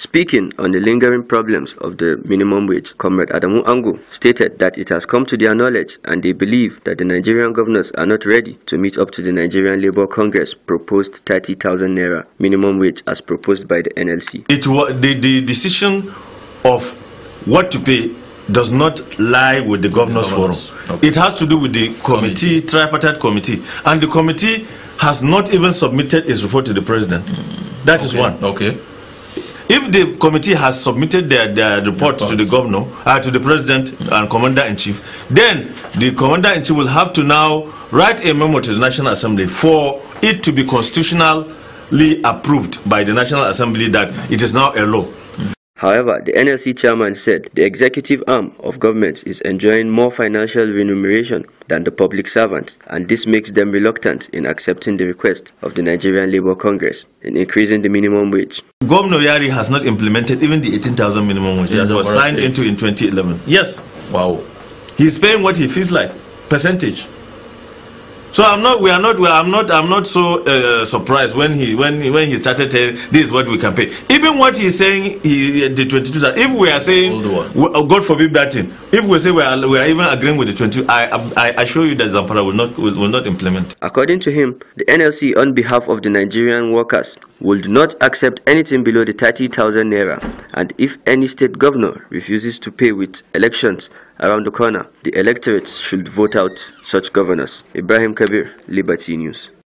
Speaking on the lingering problems of the minimum wage, Comrade Adamu Angu stated that it has come to their knowledge and they believe that the Nigerian governors are not ready to meet up to the Nigerian Labour Congress proposed 30,000 naira minimum wage as proposed by the NLC. It the, the decision of what to pay does not lie with the governors, the governors. forum okay. it has to do with the committee, committee, tripartite committee and the committee has not even submitted its report to the president That is That okay. is one okay if the committee has submitted their, their report Reports. to the governor, uh, to the president and commander-in-chief, then the commander-in-chief will have to now write a memo to the National Assembly for it to be constitutionally approved by the National Assembly that it is now a law. However, the NLC chairman said the executive arm of governments is enjoying more financial remuneration than the public servants, and this makes them reluctant in accepting the request of the Nigerian Labour Congress in increasing the minimum wage. Governor Yari has not implemented even the 18,000 minimum wage that was signed into in 2011. Yes. Wow. He's paying what he feels like, percentage. So I'm not, we are not, we are, I'm not, I'm not so uh, surprised when he, when when he started saying this is what we can pay. Even what he's saying, he, the 22, if we are saying, we, oh, God forbid that thing, if we say we are, we are even agreeing with the 22, I, I, I assure you that Zampara will not, will, will not implement. According to him, the NLC on behalf of the Nigerian workers would not accept anything below the 30,000 naira. And if any state governor refuses to pay with elections, Around the corner, the electorate should vote out such governors. Ibrahim Kabir, Liberty News.